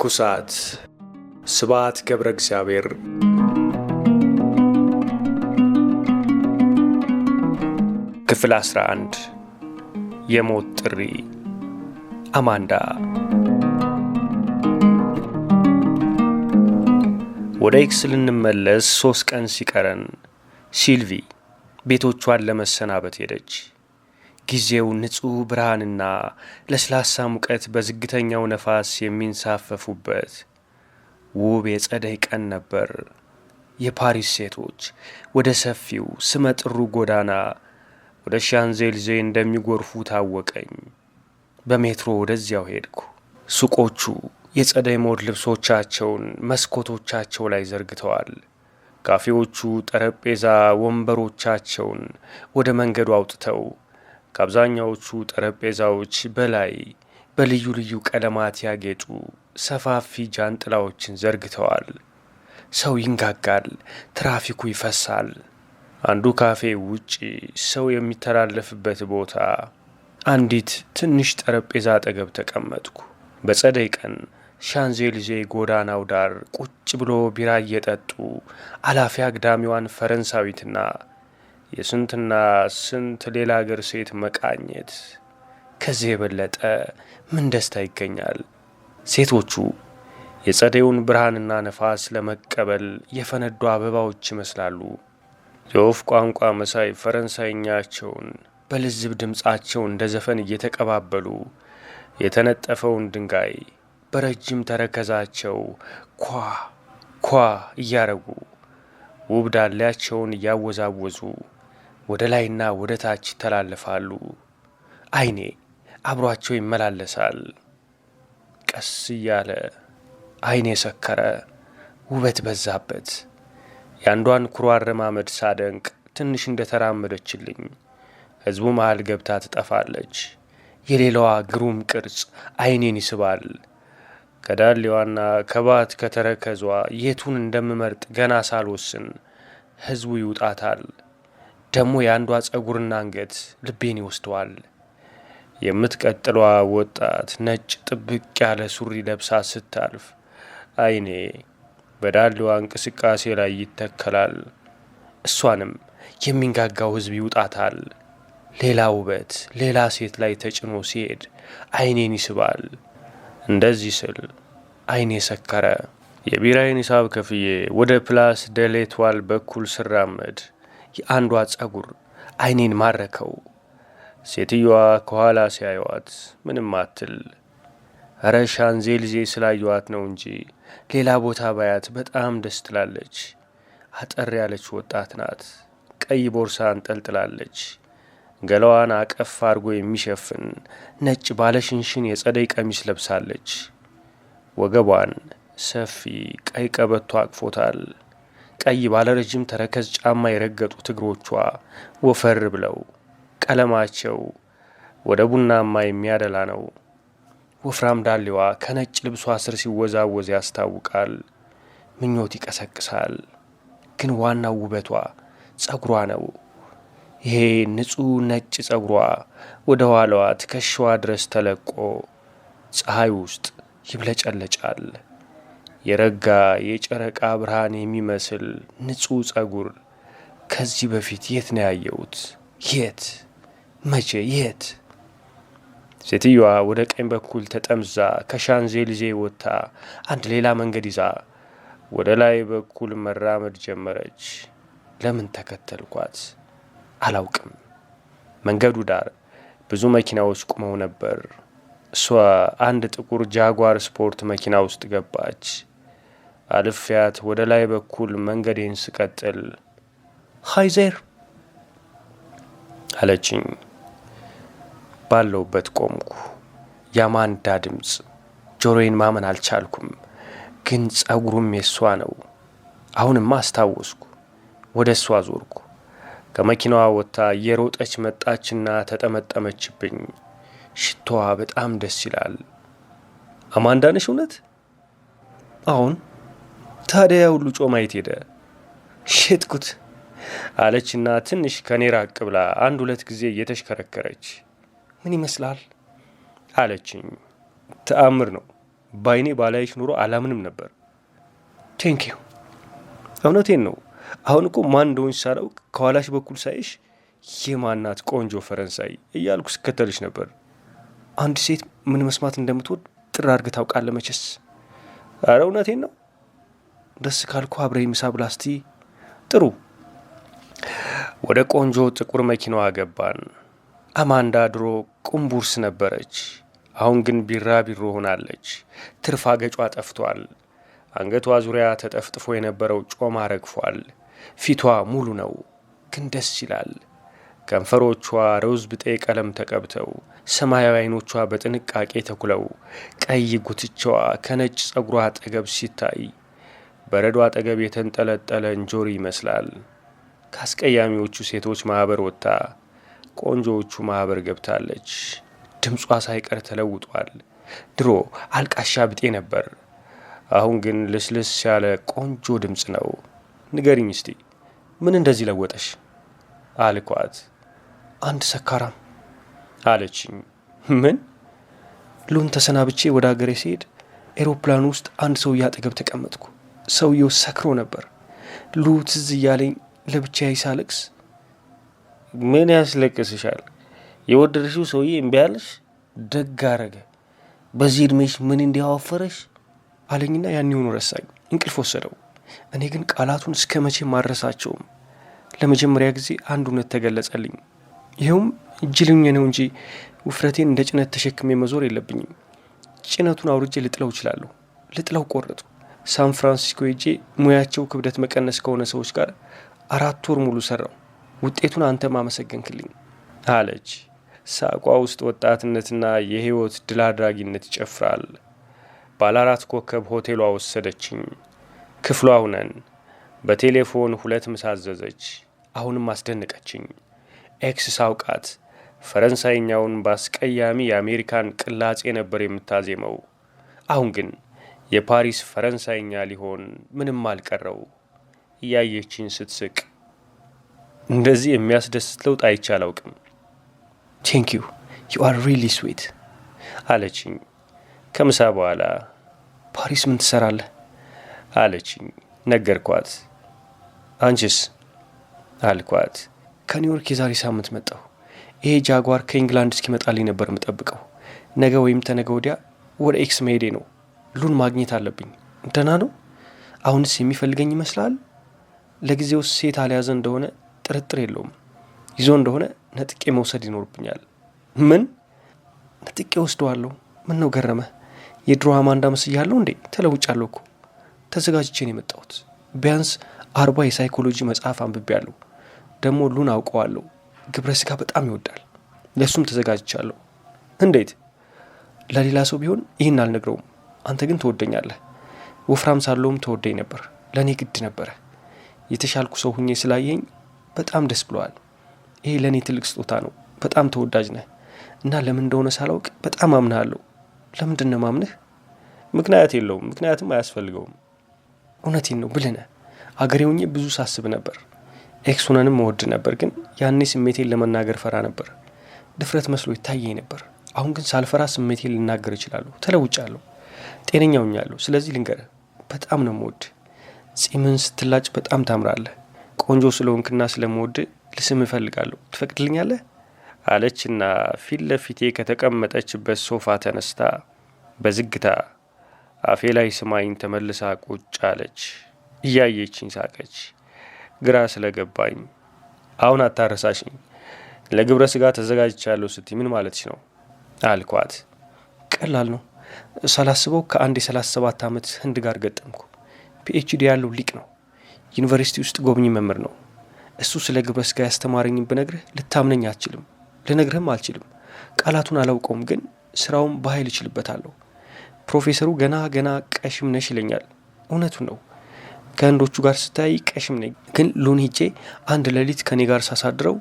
ትኩሳት ስብሐት ገብረ እግዚአብሔር ክፍል 11 የሞት ጥሪ አማንዳ ወደ ኤክስ ልንመለስ ሦስት ቀን ሲቀረን ሲልቪ ቤቶቿን ለመሰናበት ሄደች። ጊዜው ንጹሕ ብርሃንና ለስላሳ ሙቀት በዝግተኛው ነፋስ የሚንሳፈፉበት ውብ የጸደይ ቀን ነበር። የፓሪስ ሴቶች ወደ ሰፊው ስመጥሩ ጎዳና ወደ ሻንዜልዜ እንደሚጎርፉ ታወቀኝ። በሜትሮ ወደዚያው ሄድኩ። ሱቆቹ የጸደይ ሞድ ልብሶቻቸውን መስኮቶቻቸው ላይ ዘርግተዋል። ካፌዎቹ ጠረጴዛ ወንበሮቻቸውን ወደ መንገዱ አውጥተው ከአብዛኛዎቹ ጠረጴዛዎች በላይ በልዩ ልዩ ቀለማት ያጌጡ ሰፋፊ ጃንጥላዎችን ዘርግተዋል። ሰው ይንጋጋል፣ ትራፊኩ ይፈሳል። አንዱ ካፌ ውጪ ሰው የሚተላለፍበት ቦታ አንዲት ትንሽ ጠረጴዛ አጠገብ ተቀመጥኩ። በጸደይ ቀን ሻንዜሊዜ ጎዳናው ዳር ቁጭ ብሎ ቢራ እየጠጡ አላፊ አግዳሚዋን ፈረንሳዊትና የስንትና ስንት ሌላ ሀገር ሴት መቃኘት ከዚህ የበለጠ ምን ደስታ ይገኛል? ሴቶቹ የጸደዩን ብርሃንና ነፋስ ለመቀበል የፈነዱ አበባዎች ይመስላሉ። የወፍ ቋንቋ መሳይ ፈረንሳይኛቸውን በልዝብ ድምፃቸው እንደ ዘፈን እየተቀባበሉ የተነጠፈውን ድንጋይ በረጅም ተረከዛቸው ኳ ኳ እያረጉ ውብ ዳሌያቸውን እያወዛወዙ ወደ ላይና ወደ ታች ይተላለፋሉ። አይኔ አብሯቸው ይመላለሳል። ቀስ እያለ አይኔ ሰከረ፣ ውበት በዛበት። የአንዷን ኩሮ አረማመድ ሳደንቅ ትንሽ እንደ ተራመደችልኝ ሕዝቡ መሃል ገብታ ትጠፋለች። የሌላዋ ግሩም ቅርጽ አይኔን ይስባል። ከዳሌዋና ከባት ከተረከዟ የቱን እንደምመርጥ ገና ሳልወስን ሕዝቡ ይውጣታል። ደግሞ የአንዷ ጸጉርና አንገት ልቤን ይወስደዋል። የምትቀጥሏ ወጣት ነጭ ጥብቅ ያለ ሱሪ ለብሳ ስታልፍ አይኔ በዳሌዋ እንቅስቃሴ ላይ ይተከላል። እሷንም የሚንጋጋው ሕዝብ ይውጣታል። ሌላ ውበት፣ ሌላ ሴት ላይ ተጭኖ ሲሄድ አይኔን ይስባል። እንደዚህ ስል አይኔ ሰከረ። የቢራይን ሂሳብ ከፍዬ ወደ ፕላስ ደሌቷል በኩል ስራመድ የአንዷ ጸጉር አይኔን ማረከው። ሴትዮዋ ከኋላ ሲያዩዋት ምንም አትል። እረ ሻንዜሊዜ ስላየዋት ነው እንጂ ሌላ ቦታ ባያት በጣም ደስ ትላለች። አጠር ያለች ወጣት ናት። ቀይ ቦርሳ አንጠልጥላለች። ገላዋን አቀፍ አድርጎ የሚሸፍን ነጭ ባለሽንሽን የጸደይ ቀሚስ ለብሳለች። ወገቧን ሰፊ ቀይ ቀበቶ አቅፎታል። ቀይ ባለረጅም ተረከዝ ጫማ የረገጡት እግሮቿ ወፈር ብለው ቀለማቸው ወደ ቡናማ የሚያደላ ነው። ወፍራም ዳሌዋ ከነጭ ልብሷ ስር ሲወዛወዝ ያስታውቃል። ምኞት ይቀሰቅሳል። ግን ዋናው ውበቷ ጸጉሯ ነው። ይሄ ንጹሕ ነጭ ጸጉሯ ወደ ኋላዋ ትከሻዋ ድረስ ተለቆ ፀሐይ ውስጥ ይብለጨለጫል። የረጋ የጨረቃ ብርሃን የሚመስል ንጹሕ ጸጉር ከዚህ በፊት የት ነው ያየሁት? የት? መቼ? የት? ሴትዮዋ ወደ ቀኝ በኩል ተጠምዛ ከሻንዜሊዜ ወጥታ አንድ ሌላ መንገድ ይዛ ወደ ላይ በኩል መራመድ ጀመረች። ለምን ተከተልኳት አላውቅም። መንገዱ ዳር ብዙ መኪናዎች ቁመው ነበር። እሷ አንድ ጥቁር ጃጓር ስፖርት መኪና ውስጥ ገባች። አልፊያት ወደ ላይ በኩል መንገዴን ስቀጥል ሀይዜር አለችኝ። ባለውበት ቆምኩ። የአማንዳ ድምፅ ጆሮዬን ማመን አልቻልኩም። ግን ጸጉሩም የሷ ነው። አሁንማ አስታወስኩ። ወደ እሷ ዞርኩ። ከመኪናዋ ወጥታ እየሮጠች መጣችና ተጠመጠመችብኝ። ሽቶዋ በጣም ደስ ይላል። አማንዳነሽ እውነት? አሁን ታዲያ ሁሉ ጮማ የት ሄደ? ሸጥኩት አለችና ትንሽ ከኔ ራቅ ብላ አንድ ሁለት ጊዜ እየተሽከረከረች ምን ይመስላል አለችኝ። ተአምር ነው። በአይኔ ባላይሽ ኑሮ አላምንም ነበር። ዩ። እውነቴን ነው። አሁን እኮ ማን እንደሆንሽ ሳላውቅ ከኋላሽ በኩል ሳይሽ የማናት ቆንጆ ፈረንሳይ እያልኩ ስከተልሽ ነበር። አንድ ሴት ምን መስማት እንደምትወድ ጥር አድርገህ ታውቃለህ መቼስ። አረ እውነቴን ነው። ደስ ካልኩ አብረ ምሳ ብላስቲ ጥሩ። ወደ ቆንጆ ጥቁር መኪናዋ ገባን። አማንዳ ድሮ ቁምቡርስ ነበረች። አሁን ግን ቢራቢሮ ሆናለች። ትርፋ ገጯ ጠፍቷል። አንገቷ ዙሪያ ተጠፍጥፎ የነበረው ጮማ ረግፏል። ፊቷ ሙሉ ነው፣ ግን ደስ ይላል። ከንፈሮቿ ሮዝ ብጤ ቀለም ተቀብተው፣ ሰማያዊ አይኖቿ በጥንቃቄ ተኩለው፣ ቀይ ጉትቻዋ ከነጭ ጸጉሯ አጠገብ ሲታይ በረዶ አጠገብ የተንጠለጠለ እንጆሪ ይመስላል። ከአስቀያሚዎቹ ሴቶች ማኅበር ወጥታ ቆንጆዎቹ ማኅበር ገብታለች። ድምጿ ሳይቀር ተለውጧል። ድሮ አልቃሻ ብጤ ነበር። አሁን ግን ልስልስ ያለ ቆንጆ ድምፅ ነው። ንገሪኝ እስቲ ምን እንደዚህ ለወጠሽ? አልኳት። አንድ ሰካራም አለችኝ። ምን? ሉን ተሰናብቼ ወደ አገሬ ሲሄድ ኤሮፕላን ውስጥ አንድ ሰውዬ አጠገብ ተቀመጥኩ። ሰውየው ሰክሮ ነበር። ሉ ትዝ እያለኝ ለብቻዬ ሳለቅስ ምን ያስለቅስሻል? የወደደሽው ሰውዬ እምቢ አለሽ? ደግ አረገ። በዚህ እድሜሽ ምን እንዲያዋፈረሽ አለኝና ያን ሆኖ ረሳኝ። እንቅልፍ ወሰደው። እኔ ግን ቃላቱን እስከ መቼ ማድረሳቸውም። ለመጀመሪያ ጊዜ አንድ እውነት ተገለጸልኝ። ይኸውም እጅልኝ ነው እንጂ ውፍረቴን እንደ ጭነት ተሸክሜ መዞር የለብኝም። ጭነቱን አውርጄ ልጥለው እችላለሁ። ልጥለው ቆረጡ። ሳን ፍራንሲስኮ ሄጄ ሙያቸው ክብደት መቀነስ ከሆነ ሰዎች ጋር አራት ወር ሙሉ ሰራው። ውጤቱን አንተም አመሰገንክልኝ አለች። ሳቋ ውስጥ ወጣትነትና የህይወት ድል አድራጊነት ይጨፍራል። ባለ አራት ኮከብ ሆቴሏ ወሰደችኝ። ክፍሏ ሁነን በቴሌፎን ሁለት ምሳ አዘዘች። አሁንም አስደነቀችኝ። ኤክስ ሳውቃት ፈረንሳይኛውን በአስቀያሚ የአሜሪካን ቅላጼ ነበር የምታዜመው። አሁን ግን የፓሪስ ፈረንሳይኛ ሊሆን ምንም አልቀረው። እያየችኝ ስትስቅ እንደዚህ የሚያስደስት ለውጥ አይቼ አላውቅም። ቴንክ ዩ ዩ አር ሪሊ ስዊት አለችኝ። ከምሳ በኋላ ፓሪስ ምን ትሰራለህ አለችኝ። ነገርኳት። አንቺስ አልኳት። ከኒውዮርክ የዛሬ ሳምንት መጣሁ። ይሄ ጃጓር ከኢንግላንድ እስኪመጣልኝ ነበር የምጠብቀው። ነገ ወይም ተነገ ወዲያ ወደ ኤክስ መሄዴ ነው። ሉን ማግኘት አለብኝ። ደህና ነው? አሁንስ የሚፈልገኝ ይመስላል? ለጊዜው ሴት አልያዘ እንደሆነ ጥርጥር የለውም። ይዞ እንደሆነ ነጥቄ መውሰድ ይኖርብኛል። ምን ነጥቄ ወስደዋለሁ? ምን ነው ገረመ የድሮ አማንዳ መስያለሁ እንዴ? ተለውጫለሁ እኮ ተዘጋጅቼ ነው የመጣሁት። ቢያንስ አርባ የሳይኮሎጂ መጽሐፍ አንብቤያለሁ። ደግሞ ሉን አውቀዋለሁ። ግብረ ስጋ በጣም ይወዳል። ለእሱም ተዘጋጅቻለሁ። እንዴት? ለሌላ ሰው ቢሆን ይህን አልነግረውም። አንተ ግን ትወደኛለህ። ወፍራም ሳለውም ተወደኝ ነበር። ለእኔ ግድ ነበረ። የተሻልኩ ሰው ሁኜ ስላየኝ በጣም ደስ ብለዋል። ይሄ ለእኔ ትልቅ ስጦታ ነው። በጣም ተወዳጅ ነህ እና ለምን እንደሆነ ሳላውቅ በጣም አምንሃለሁ። ለምንድን ነው ማምንህ? ምክንያት የለውም፣ ምክንያትም አያስፈልገውም። እውነቴን ነው ብልነ? አገሬ ሁኜ ብዙ ሳስብ ነበር። ኤክሱነንም መወድ ነበር፣ ግን ያኔ ስሜቴን ለመናገር ፈራ ነበር። ድፍረት መስሎ ይታየኝ ነበር። አሁን ግን ሳልፈራ ስሜቴን ልናገር እችላለሁ። ተለውጫለሁ። ያለው ስለዚህ ልንገር፣ በጣም ነው የምወድ። ጺምን ስትላጭ በጣም ታምራለህ። ቆንጆ ስለሆንክና ስለምወድ ልስም እፈልጋለሁ። ትፈቅድልኛለህ? አለችና ፊት ለፊቴ ከተቀመጠችበት ሶፋ ተነስታ በዝግታ አፌ ላይ ስማኝ ተመልሳ ቁጭ አለች። እያየችኝ ሳቀች። ግራ ስለገባኝ አሁን አታረሳሽኝ፣ ለግብረ ስጋ ተዘጋጅቻለሁ ስት ምን ማለትሽ ነው አልኳት። ቀላል ነው ሳላስበው ከአንድ የ37 ዓመት ህንድ ጋር ገጠምኩ። ፒኤችዲ ያለው ሊቅ ነው። ዩኒቨርሲቲ ውስጥ ጎብኝ መምህር ነው። እሱ ስለ ግብረ ስጋ ያስተማረኝም ብነግርህ ልታምነኝ አልችልም፣ ልነግርህም አልችልም። ቃላቱን አላውቀውም፣ ግን ስራውን በኃይል እችልበታለሁ። ፕሮፌሰሩ ገና ገና ቀሽም ነሽ ይለኛል። እውነቱን ነው። ከህንዶቹ ጋር ስታይ ቀሽም ነኝ፣ ግን ሉን ሄጄ አንድ ሌሊት ከኔ ጋር ሳሳድረው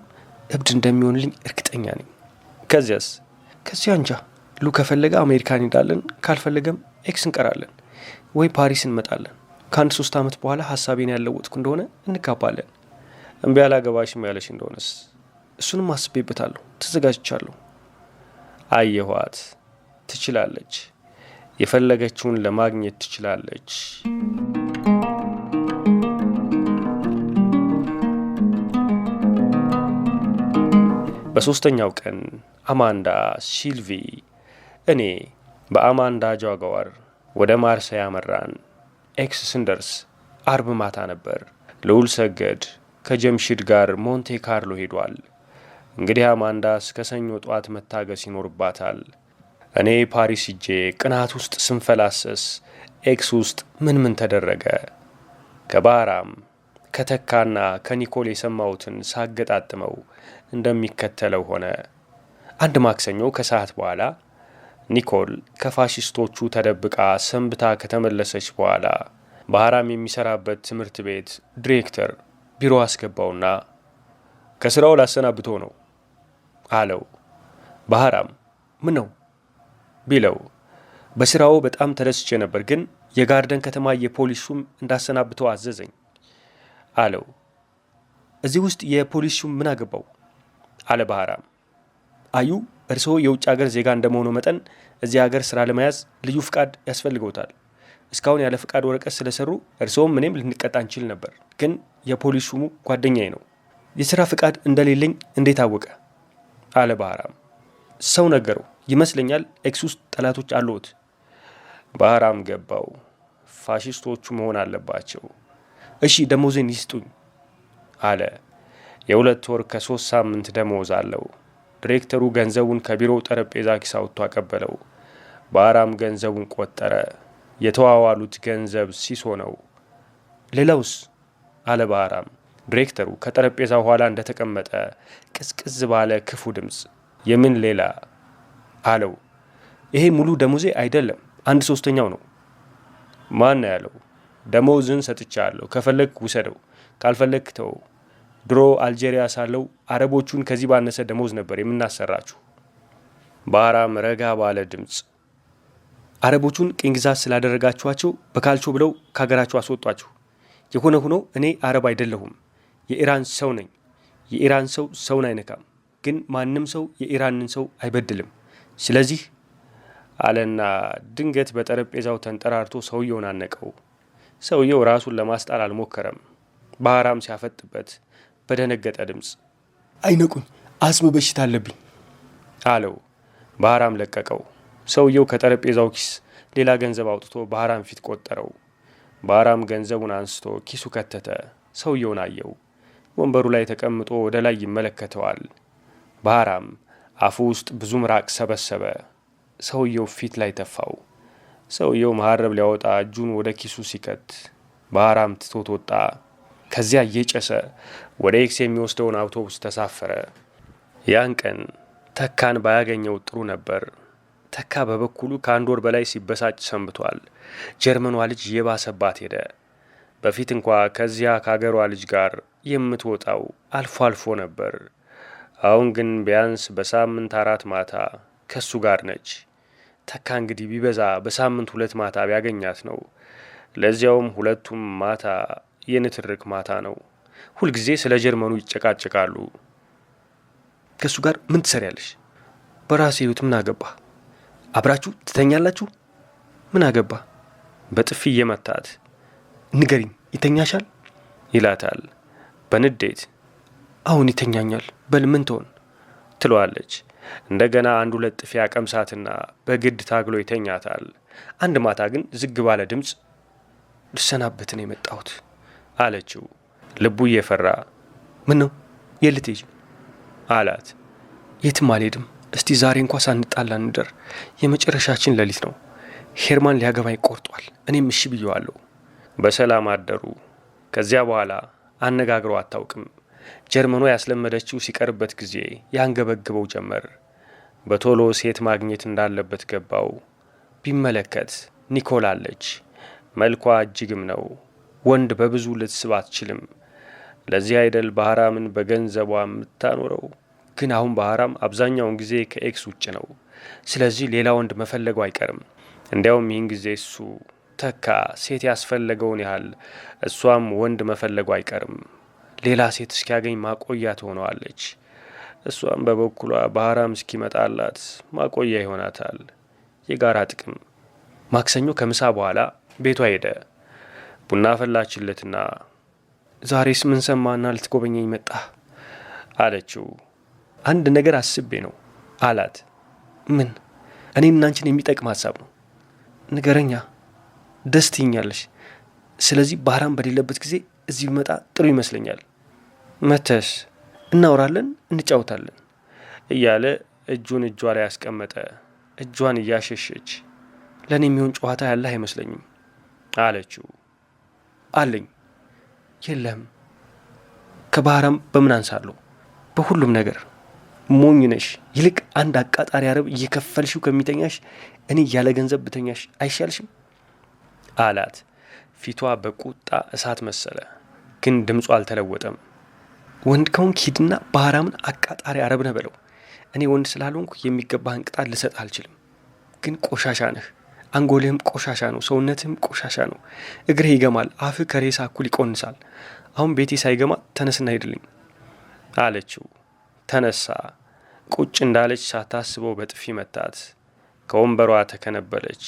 እብድ እንደሚሆንልኝ እርግጠኛ ነኝ። ከዚያስ ከዚያ እንጃ ሉ ከፈለገ አሜሪካ እንሄዳለን፣ ካልፈለገም ኤክስ እንቀራለን ወይ ፓሪስ እንመጣለን። ከአንድ ሶስት ዓመት በኋላ ሀሳቤን ያለወጥኩ እንደሆነ እንጋባለን። እምቢ አላገባሽም ያለሽ እንደሆነስ? እሱንም አስቤበታለሁ፣ ተዘጋጅቻለሁ። አየኋት፣ ትችላለች፣ የፈለገችውን ለማግኘት ትችላለች። በሶስተኛው ቀን አማንዳ ሲልቪ እኔ በአማንዳ ጃጓር ወደ ማርሰ ያመራን። ኤክስ ስንደርስ አርብ ማታ ነበር። ልዑል ሰገድ ከጀምሽድ ጋር ሞንቴ ካርሎ ሄዷል። እንግዲህ አማንዳ እስከ ሰኞ ጠዋት መታገስ ይኖርባታል። እኔ ፓሪስ ሂጄ ቅናት ውስጥ ስንፈላሰስ ኤክስ ውስጥ ምን ምን ተደረገ ከባህራም ከተካና ከኒኮል የሰማሁትን ሳገጣጥመው እንደሚከተለው ሆነ። አንድ ማክሰኞ ከሰዓት በኋላ ኒኮል ከፋሽስቶቹ ተደብቃ ሰንብታ ከተመለሰች በኋላ በሐራም የሚሰራበት ትምህርት ቤት ዲሬክተር ቢሮ አስገባውና ከሥራው ላሰናብቶ ነው አለው። ባህራም ምን ነው ቢለው በሥራው በጣም ተደስቼ ነበር፣ ግን የጋርደን ከተማ የፖሊስ ሹም እንዳሰናብተው አዘዘኝ አለው። እዚህ ውስጥ የፖሊስ ሹም ምን አገባው? አለ ባህራም አዩ እርስዎ የውጭ ሀገር ዜጋ እንደመሆኑ መጠን እዚህ ሀገር ስራ ለመያዝ ልዩ ፍቃድ ያስፈልገውታል። እስካሁን ያለ ፍቃድ ወረቀት ስለሰሩ እርስዎም እኔም ልንቀጣ እንችል ነበር፣ ግን የፖሊስ ሹሙ ጓደኛዬ ነው። የስራ ፍቃድ እንደሌለኝ እንዴት አወቀ? አለ ባህራም። ሰው ነገረው ይመስለኛል። ኤክስ ውስጥ ጠላቶች አለዎት። ባህራም ገባው። ፋሽስቶቹ መሆን አለባቸው። እሺ ደሞዜን ይስጡኝ አለ። የሁለት ወር ከሶስት ሳምንት ደሞዝ አለው። ዲሬክተሩ ገንዘቡን ከቢሮው ጠረጴዛ ኪስ አውጥቶ አቀበለው። በአራም ገንዘቡን ቆጠረ። የተዋዋሉት ገንዘብ ሲሶ ነው። ሌላውስ? አለ በአራም። ዲሬክተሩ ከጠረጴዛ ኋላ እንደተቀመጠ ቅዝቅዝ ባለ ክፉ ድምፅ የምን ሌላ አለው። ይሄ ሙሉ ደሞዜ አይደለም፣ አንድ ሶስተኛው ነው። ማን ያለው? ደሞዝን ሰጥቻለሁ፣ ከፈለግ ውሰደው፣ ካልፈለግ ተወው። ድሮ አልጄሪያ ሳለው አረቦቹን ከዚህ ባነሰ ደሞዝ ነበር የምናሰራችሁ። በአራም ረጋ ባለ ድምፅ አረቦቹን ቅኝ ግዛት ስላደረጋችኋቸው በካልቾ ብለው ከሀገራቸው አስወጧችሁ። የሆነ ሆኖ እኔ አረብ አይደለሁም፣ የኢራን ሰው ነኝ። የኢራን ሰው ሰውን አይነካም፣ ግን ማንም ሰው የኢራንን ሰው አይበድልም። ስለዚህ አለና ድንገት በጠረጴዛው ተንጠራርቶ ሰውየውን አነቀው። ሰውየው ራሱን ለማስጣል አልሞከረም። ባህራም ሲያፈጥበት በደነገጠ ድምፅ። አይነቁኝ፣ አስም በሽታ አለብኝ አለው። ባህራም ለቀቀው። ሰውየው ከጠረጴዛው ኪስ ሌላ ገንዘብ አውጥቶ ባህራም ፊት ቆጠረው። ባህራም ገንዘቡን አንስቶ ኪሱ ከተተ። ሰውየውን አየው። ወንበሩ ላይ ተቀምጦ ወደ ላይ ይመለከተዋል። ባህራም አፉ ውስጥ ብዙ ምራቅ ሰበሰበ። ሰውየው ፊት ላይ ተፋው። ሰውየው መሀረብ ሊያወጣ እጁን ወደ ኪሱ ሲከት ባህራም ትቶት ወጣ። ከዚያ እየጨሰ ወደ ኤክስ የሚወስደውን አውቶቡስ ተሳፈረ። ያን ቀን ተካን ባያገኘው ጥሩ ነበር። ተካ በበኩሉ ከአንድ ወር በላይ ሲበሳጭ ሰንብቷል። ጀርመኗ ልጅ የባሰባት ሄደ። በፊት እንኳ ከዚያ ከአገሯ ልጅ ጋር የምትወጣው አልፎ አልፎ ነበር። አሁን ግን ቢያንስ በሳምንት አራት ማታ ከሱ ጋር ነች። ተካ እንግዲህ ቢበዛ በሳምንት ሁለት ማታ ቢያገኛት ነው። ለዚያውም ሁለቱም ማታ የንትርክ ማታ ነው። ሁልጊዜ ስለ ጀርመኑ ይጨቃጨቃሉ። ከእሱ ጋር ምን ትሰሪያለሽ? በራሴ ህይወት ምን አገባ? አብራችሁ ትተኛላችሁ? ምን አገባ? በጥፊ እየመታት ንገሪኝ፣ ይተኛሻል ይላታል በንዴት። አሁን ይተኛኛል፣ በል ምን ትሆን ትለዋለች። እንደገና አንድ ሁለት ጥፊ ያቀምሳትና በግድ ታግሎ ይተኛታል። አንድ ማታ ግን ዝግ ባለ ድምፅ ልሰናበት ነው የመጣሁት አለችው። ልቡ እየፈራ ምን ነው የልትሄጂ አላት። የትም አልሄድም። እስቲ ዛሬ እንኳ ሳንጣላ እንደር። የመጨረሻችን ሌሊት ነው። ሄርማን ሊያገባኝ ቆርጧል። እኔም እሺ ብየዋለሁ። በሰላም አደሩ። ከዚያ በኋላ አነጋግረው አታውቅም። ጀርመኗ ያስለመደችው ሲቀርበት ጊዜ ያንገበግበው ጀመር። በቶሎ ሴት ማግኘት እንዳለበት ገባው። ቢመለከት ኒኮል አለች። መልኳ እጅግም ነው። ወንድ በብዙ ልትስብ አትችልም። ለዚህ አይደል ባህራምን በገንዘቧ የምታኖረው። ግን አሁን ባህራም አብዛኛውን ጊዜ ከኤክስ ውጭ ነው። ስለዚህ ሌላ ወንድ መፈለጉ አይቀርም። እንዲያውም ይህን ጊዜ እሱ ተካ ሴት ያስፈለገውን ያህል እሷም ወንድ መፈለጉ አይቀርም። ሌላ ሴት እስኪያገኝ ማቆያ ትሆነዋለች። እሷም በበኩሏ ባህራም እስኪመጣላት ማቆያ ይሆናታል። የጋራ ጥቅም። ማክሰኞ ከምሳ በኋላ ቤቷ ሄደ። ቡና ፈላችለትና ዛሬስ ምን ሰማና ልትጎበኘኝ መጣ አለችው። አንድ ነገር አስቤ ነው አላት። ምን? እኔ እናንችን የሚጠቅም ሀሳብ ነው። ንገረኛ፣ ደስ ትይኛለሽ። ስለዚህ ባህራም በሌለበት ጊዜ እዚህ ቢመጣ ጥሩ ይመስለኛል። መተስ እናውራለን፣ እንጫወታለን እያለ እጁን እጇ ላይ ያስቀመጠ፣ እጇን እያሸሸች ለእኔ የሚሆን ጨዋታ ያለህ አይመስለኝም አለችው። አለኝ። የለም ከባህራም በምን አንሳለሁ? በሁሉም ነገር ሞኝ ነሽ። ይልቅ አንድ አቃጣሪ አረብ እየከፈልሽው ከሚተኛሽ እኔ ያለ ገንዘብ ብተኛሽ አይሻልሽም? አላት። ፊቷ በቁጣ እሳት መሰለ፣ ግን ድምጿ አልተለወጠም። ወንድ ከሆንክ ሂድና ባህራምን አቃጣሪ አረብ ነህ በለው። እኔ ወንድ ስላልሆንኩ የሚገባህን ቅጣት ልሰጥ አልችልም፣ ግን ቆሻሻ ነህ አንጎልህም ቆሻሻ ነው፣ ሰውነትህም ቆሻሻ ነው። እግርህ ይገማል፣ አፍህ ከሬሳ እኩል ይቆንሳል። አሁን ቤቴ ሳይገማ ተነስና ሄድልኝ አለችው። ተነሳ። ቁጭ እንዳለች ሳታስበው በጥፊ መታት። ከወንበሯ ተከነበለች።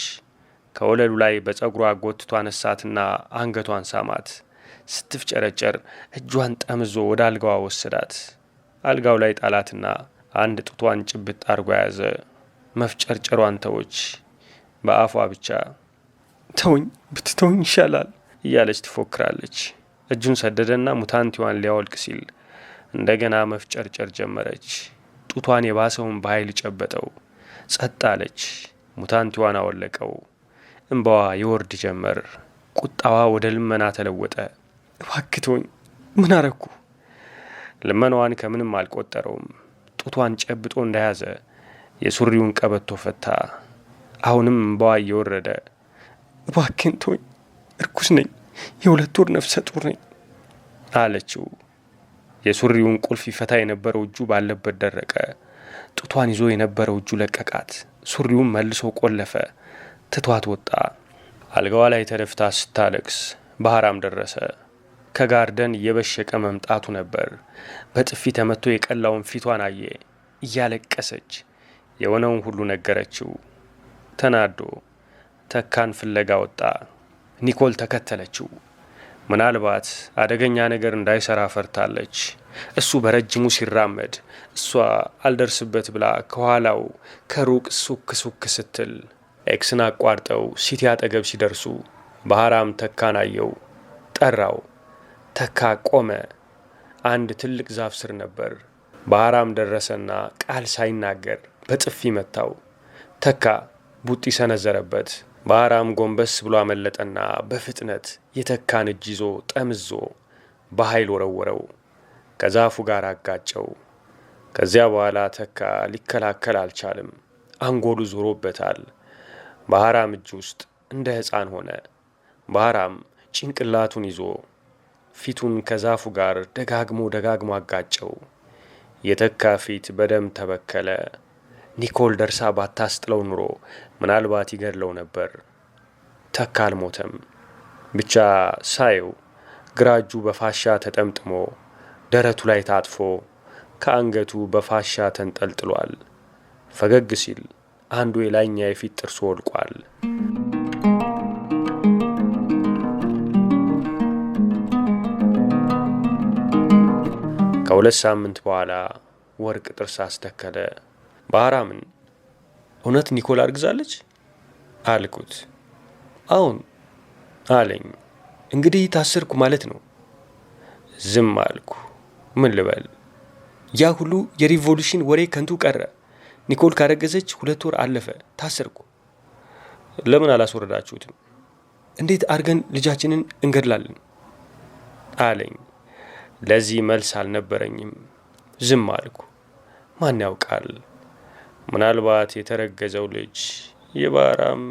ከወለሉ ላይ በጸጉሯ ጎትቶ አነሳትና አንገቷን ሳማት። ስትፍጨረጨር እጇን ጠምዞ ወደ አልጋዋ ወሰዳት። አልጋው ላይ ጣላትና አንድ ጡቷን ጭብጥ አድርጎ ያዘ። መፍጨርጨሯን ተወች። በአፏ ብቻ ተውኝ ብትተውኝ ይሻላል እያለች ትፎክራለች። እጁን ሰደደና ሙታንቲዋን ሊያወልቅ ሲል እንደገና መፍጨርጨር ጀመረች። ጡቷን የባሰውን በኃይል ጨበጠው። ጸጥ አለች። ሙታንቲዋን አወለቀው። እምባዋ ይወርድ ጀመር። ቁጣዋ ወደ ልመና ተለወጠ። እባክቶኝ ምን አረኩ? ልመናዋን ከምንም አልቆጠረውም። ጡቷን ጨብጦ እንደያዘ የሱሪውን ቀበቶ ፈታ። አሁንም እንባዋ እየወረደ እባክህን ተወኝ፣ እርኩስ ነኝ፣ የሁለት ወር ነፍሰ ጡር ነኝ አለችው። የሱሪውን ቁልፍ ይፈታ የነበረው እጁ ባለበት ደረቀ። ጡቷን ይዞ የነበረው እጁ ለቀቃት። ሱሪውን መልሶ ቆለፈ፣ ትቷት ወጣ። አልጋዋ ላይ ተደፍታ ስታለቅስ ባህራም ደረሰ። ከጋርደን እየበሸቀ መምጣቱ ነበር። በጥፊ ተመቶ የቀላውን ፊቷን አየ። እያለቀሰች የሆነውን ሁሉ ነገረችው። ተናዶ ተካን ፍለጋ ወጣ። ኒኮል ተከተለችው። ምናልባት አደገኛ ነገር እንዳይሰራ ፈርታለች። እሱ በረጅሙ ሲራመድ እሷ አልደርስበት ብላ ከኋላው ከሩቅ ሱክ ሱክ ስትል ኤክስን አቋርጠው ሲቲ አጠገብ ሲደርሱ ባህራም ተካን አየው። ጠራው። ተካ ቆመ። አንድ ትልቅ ዛፍ ስር ነበር። ባህራም ደረሰና ቃል ሳይናገር በጥፊ መታው። ተካ ቡጢ ሰነዘረበት። በአራም ጎንበስ ብሎ አመለጠና በፍጥነት የተካን እጅ ይዞ ጠምዞ በኃይል ወረወረው፣ ከዛፉ ጋር አጋጨው። ከዚያ በኋላ ተካ ሊከላከል አልቻልም። አንጎሉ ዞሮበታል። በአራም እጅ ውስጥ እንደ ሕፃን ሆነ። በአራም ጭንቅላቱን ይዞ ፊቱን ከዛፉ ጋር ደጋግሞ ደጋግሞ አጋጨው። የተካ ፊት በደም ተበከለ። ኒኮል ደርሳ ባታስጥለው ኑሮ ምናልባት ይገድለው ነበር። ተካ አልሞተም። ብቻ ሳየው ግራ እጁ በፋሻ ተጠምጥሞ ደረቱ ላይ ታጥፎ ከአንገቱ በፋሻ ተንጠልጥሏል። ፈገግ ሲል አንዱ የላይኛ የፊት ጥርሶ ወልቋል። ከሁለት ሳምንት በኋላ ወርቅ ጥርስ አስተከለ። ባህራምን እውነት ኒኮል አርግዛለች አልኩት። አሁን አለኝ። እንግዲህ ታሰርኩ ማለት ነው። ዝም አልኩ። ምን ልበል? ያ ሁሉ የሪቮሉሽን ወሬ ከንቱ ቀረ። ኒኮል ካረገዘች ሁለት ወር አለፈ። ታሰርኩ። ለምን አላስወረዳችሁትም? እንዴት አድርገን ልጃችንን እንገድላለን? አለኝ። ለዚህ መልስ አልነበረኝም። ዝም አልኩ። ማን ያውቃል ምናልባት የተረገዘው ልጅ የባራም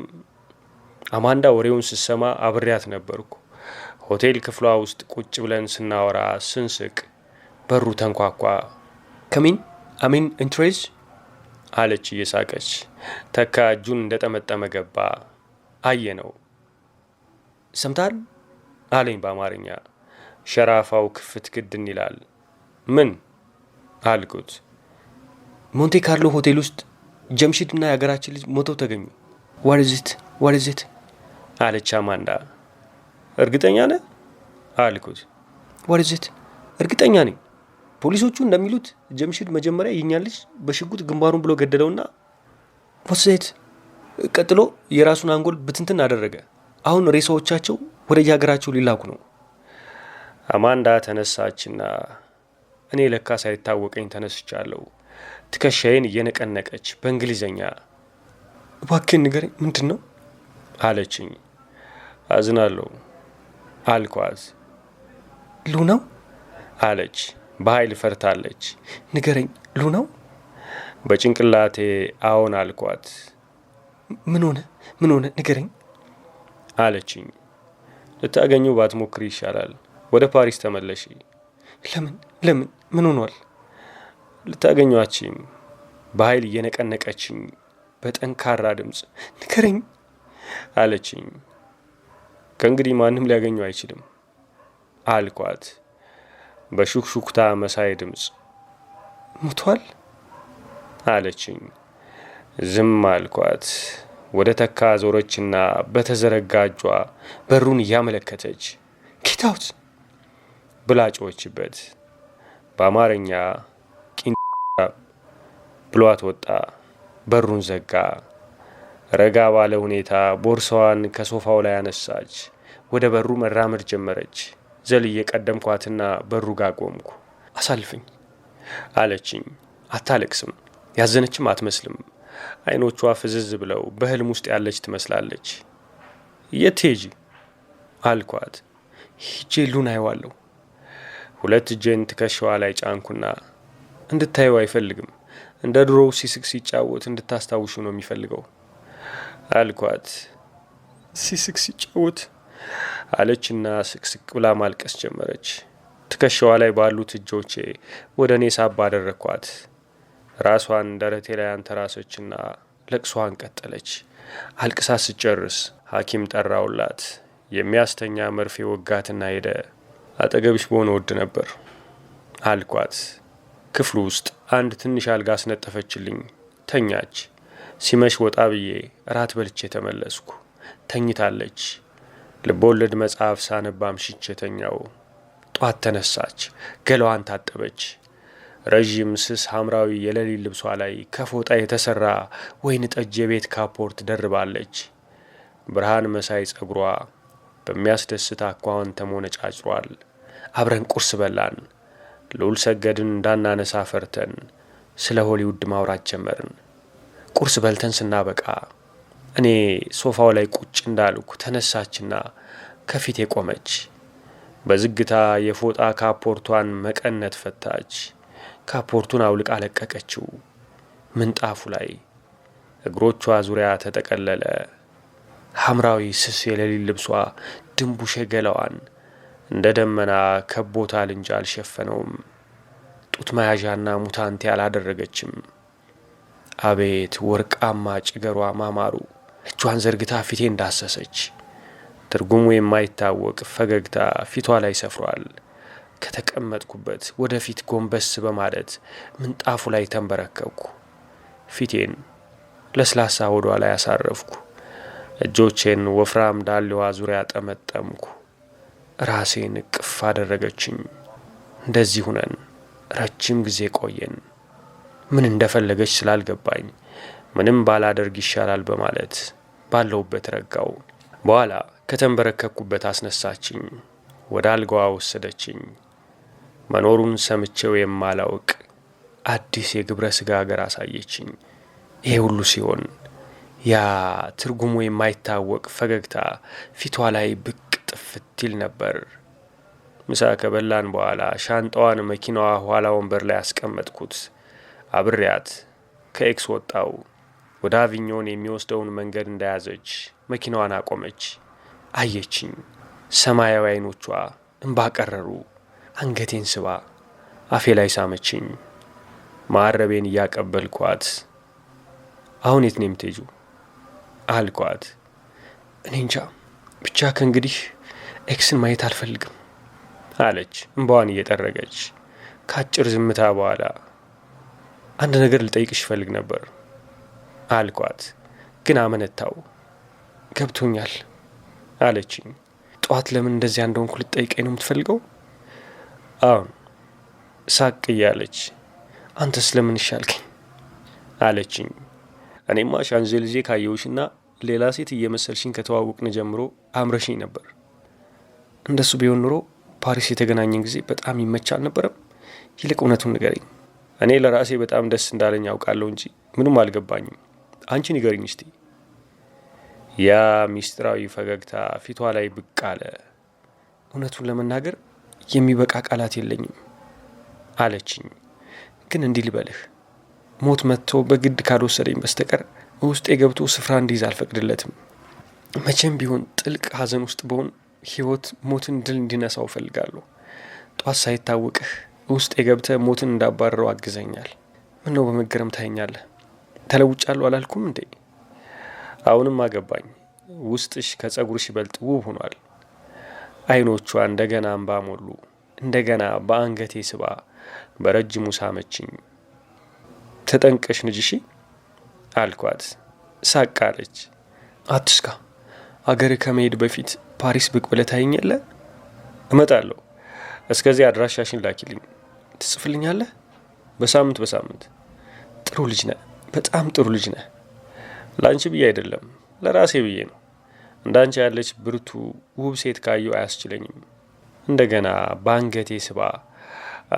አማንዳ ወሬውን ስሰማ አብሬያት ነበርኩ። ሆቴል ክፍሏ ውስጥ ቁጭ ብለን ስናወራ ስንስቅ፣ በሩ ተንኳኳ። ከሚን አሚን ኢንትሬዝ አለች እየሳቀች። ተካ እጁን እንደጠመጠመ ገባ። አየ ነው ሰምታል አለኝ በአማርኛ። ሸራፋው ክፍት ግድን ይላል። ምን አልኩት። ሞንቴ ካርሎ ሆቴል ውስጥ ጀምሽድና የሀገራችን ልጅ ሞተው ተገኙ። ዋርዝት ዋርዝት አለች አማንዳ። እርግጠኛ ነ አልኩት። ዋርዝት እርግጠኛ ነኝ። ፖሊሶቹ እንደሚሉት ጀምሽድ መጀመሪያ የእኛን ልጅ በሽጉጥ ግንባሩን ብሎ ገደለውና ወስት ቀጥሎ የራሱን አንጎል ብትንትን አደረገ። አሁን ሬሳዎቻቸው ወደ የሀገራቸው ሊላኩ ነው። አማንዳ ተነሳችና እኔ ለካ ሳይታወቀኝ ተነስቻለሁ ትከሻዬን እየነቀነቀች በእንግሊዘኛ እባክህን ንገረኝ፣ ምንድን ነው አለችኝ። አዝናለሁ አልኳት። ሉናው አለች። በኃይል ፈርታለች። ንገረኝ ሉናው። በጭንቅላቴ አዎን አልኳት። ምን ሆነ ምን ሆነ ንገረኝ አለችኝ። ልታገኘው ባትሞክሪ ይሻላል። ወደ ፓሪስ ተመለሽ ለምን ለምን ምን ሆኗል? ልታገኟችኝ በኃይል እየነቀነቀችኝ በጠንካራ ድምፅ ንገረኝ አለችኝ። ከእንግዲህ ማንም ሊያገኙ አይችልም አልኳት በሹክሹክታ መሳይ ድምፅ። ሙቷል አለችኝ። ዝም አልኳት። ወደ ተካ ዞረችና በተዘረጋ እጇ በሩን እያመለከተች ጌታውት ብላ ጮኸችበት በአማርኛ ብሏት ወጣ። በሩን ዘጋ። ረጋ ባለ ሁኔታ ቦርሳዋን ከሶፋው ላይ አነሳች። ወደ በሩ መራመድ ጀመረች። ዘልዬ ቀደምኳትና በሩ ጋር ቆምኩ። አሳልፍኝ አለችኝ። አታለቅስም፣ ያዘነችም አትመስልም። አይኖቿ ፍዝዝ ብለው በህልም ውስጥ ያለች ትመስላለች። የት ሄጂ አልኳት። ሂጄ ሉን አየዋለሁ። ሁለት እጄን ትከሻዋ ላይ ጫንኩና እንድታየው አይፈልግም እንደ ድሮው ሲስቅ ሲጫወት እንድታስታውሹ ነው የሚፈልገው አልኳት። ሲስቅ ሲጫወት አለችና ስቅስቅ ብላ ማልቀስ ጀመረች። ትከሻዋ ላይ ባሉት እጆቼ ወደ እኔ ሳብ አደረግኳት። ራሷን ደረቴ ላይ አንተራሰችና ለቅሷን ቀጠለች። አልቅሳ ስጨርስ ሐኪም ጠራውላት። የሚያስተኛ መርፌ ወጋትና ሄደ። አጠገብሽ በሆነ ወድ ነበር አልኳት ክፍሉ ውስጥ አንድ ትንሽ አልጋ አስነጠፈችልኝ። ተኛች። ሲመሽ ወጣ ብዬ እራት በልቼ ተመለስኩ። ተኝታለች። ልቦወለድ መጽሐፍ ሳነባም ሽች ተኛው። ጧት ተነሳች። ገላዋን ታጠበች። ረዥም ስስ ሐምራዊ የሌሊት ልብሷ ላይ ከፎጣ የተሠራ ወይን ጠጅ የቤት ካፖርት ደርባለች። ብርሃን መሳይ ጸጉሯ በሚያስደስት አኳኋን ተሞነጫጭሯል። አብረን ቁርስ በላን። ልዑል ሰገድን እንዳናነሳ ፈርተን ስለ ሆሊውድ ማውራት ጀመርን። ቁርስ በልተን ስናበቃ እኔ ሶፋው ላይ ቁጭ እንዳልኩ ተነሳችና ከፊቴ ቆመች። በዝግታ የፎጣ ካፖርቷን መቀነት ፈታች። ካፖርቱን አውልቃ አለቀቀችው። ምንጣፉ ላይ እግሮቿ ዙሪያ ተጠቀለለ። ሐምራዊ ስስ የሌሊት ልብሷ ድንቡሼ ገላዋን እንደ ደመና ከቦታል እንጂ አልሸፈነውም። ጡት መያዣና ሙታንቴ አላደረገችም። አቤት ወርቃማ ጭገሯ ማማሩ! እጇን ዘርግታ ፊቴ እንዳሰሰች ትርጉሙ የማይታወቅ ፈገግታ ፊቷ ላይ ሰፍሯል። ከተቀመጥኩበት ወደፊት ጎንበስ በማለት ምንጣፉ ላይ ተንበረከብኩ። ፊቴን ለስላሳ ወዷ ላይ አሳረፍኩ። እጆቼን ወፍራም ዳሌዋ ዙሪያ ጠመጠምኩ። ራሴን እቅፍ አደረገችኝ። እንደዚህ ሁነን ረጅም ጊዜ ቆየን። ምን እንደፈለገች ስላልገባኝ ምንም ባላደርግ ይሻላል በማለት ባለውበት ረጋው። በኋላ ከተንበረከኩበት አስነሳችኝ፣ ወደ አልጋዋ ወሰደችኝ። መኖሩን ሰምቼው የማላውቅ አዲስ የግብረ ሥጋ አገር አሳየችኝ። ይሄ ሁሉ ሲሆን ያ ትርጉሙ የማይታወቅ ፈገግታ ፊቷ ላይ ብቅ ጥፍት ይል ነበር። ምሳ ከበላን በኋላ ሻንጣዋን መኪናዋ ኋላ ወንበር ላይ ያስቀመጥኩት፣ አብሬያት ከኤክስ ወጣው። ወደ አቪኞን የሚወስደውን መንገድ እንደያዘች መኪናዋን አቆመች። አየችኝ። ሰማያዊ አይኖቿ እምባቀረሩ አንገቴን ስባ አፌ ላይ ሳመችኝ። ማረቤን እያቀበልኳት አሁን የት ነው የምትሄጂው? አልኳት። እኔ እንጃ ብቻ ከእንግዲህ ኤክስን ማየት አልፈልግም አለች እምባዋን እየጠረገች። ከአጭር ዝምታ በኋላ አንድ ነገር ልጠይቅሽ ይፈልግ ነበር አልኳት፣ ግን አመነታው። ገብቶኛል አለችኝ። ጠዋት ለምን እንደዚያ እንደሆንኩ ልጠይቀኝ ነው የምትፈልገው? አሁን ሳቅ እያለች አንተ ስለምን ይሻልከኝ አለችኝ። እኔማ ሻንዘሊዜ ካየውሽና ሌላ ሴት እየመሰልሽኝ ከተዋወቅን ጀምሮ አምረሽኝ ነበር እንደሱ ቢሆን ኑሮ ፓሪስ የተገናኘን ጊዜ በጣም ይመቻ አልነበረም? ይልቅ እውነቱን ንገረኝ። እኔ ለራሴ በጣም ደስ እንዳለኝ አውቃለሁ እንጂ ምንም አልገባኝም። አንቺ ንገሪኝ እስቲ። ያ ሚስጥራዊ ፈገግታ ፊቷ ላይ ብቅ አለ። እውነቱን ለመናገር የሚበቃ ቃላት የለኝም አለችኝ። ግን እንዲህ ልበልህ፣ ሞት መጥቶ በግድ ካልወሰደኝ በስተቀር ውስጤ ገብቶ ስፍራ እንዲይዝ አልፈቅድለትም። መቼም ቢሆን ጥልቅ ሐዘን ውስጥ በሆን ህይወት ሞትን ድል እንዲነሳው እፈልጋለሁ። ጧት ሳይታወቅህ ውስጥ የገብተ ሞትን እንዳባረረው አግዘኛል። ምን ነው በመገረም ታየኛለህ። ተለውጫለሁ አላልኩም እንዴ? አሁንም አገባኝ። ውስጥሽ ከጸጉርሽ ይበልጥ ውብ ሆኗል። አይኖቿ እንደገና እንባ ሞሉ። እንደገና በአንገቴ ስባ በረጅሙ ሳመችኝ። ተጠንቀሽ ንጅሺ አልኳት። ሳቃለች። አትስካ አገር ከመሄድ በፊት ፓሪስ ብቅ ብለህ ታየኛለህ? እመጣለሁ። እስከዚህ አድራሻሽን ላኪልኝ። ትጽፍልኛለህ? በሳምንት በሳምንት። ጥሩ ልጅ ነህ፣ በጣም ጥሩ ልጅ ነህ። ለአንቺ ብዬ አይደለም ለራሴ ብዬ ነው። እንዳንቺ ያለች ብርቱ ውብ ሴት ካየሁ አያስችለኝም። እንደገና በአንገቴ ስባ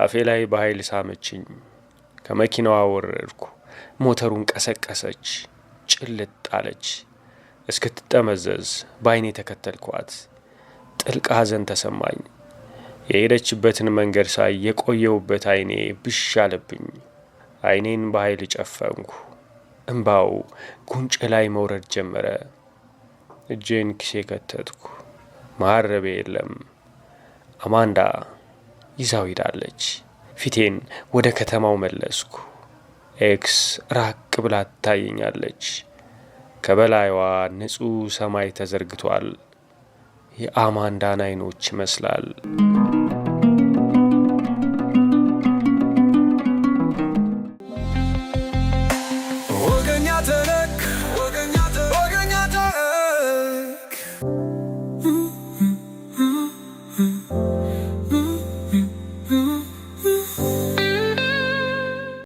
አፌ ላይ በኃይል ሳመችኝ። ከመኪናዋ ወረድኩ። ሞተሩን ቀሰቀሰች። ጭልጥ አለች። እስክትጠመዘዝ በዓይኔ ተከተልኳት። ጥልቅ ሐዘን ተሰማኝ። የሄደችበትን መንገድ ሳይ የቆየውበት አይኔ ብሽ አለብኝ። አይኔን በኃይል ጨፈንኩ። እምባው ጉንጭ ላይ መውረድ ጀመረ። እጄን ኪሴ ከተትኩ። ማረቤ የለም። አማንዳ ይዛው ሄዳለች። ፊቴን ወደ ከተማው መለስኩ። ኤክስ ራቅ ብላ ትታየኛለች። ከበላይዋ ንጹሕ ሰማይ ተዘርግቷል። የአማንዳን ዓይኖች ይመስላል።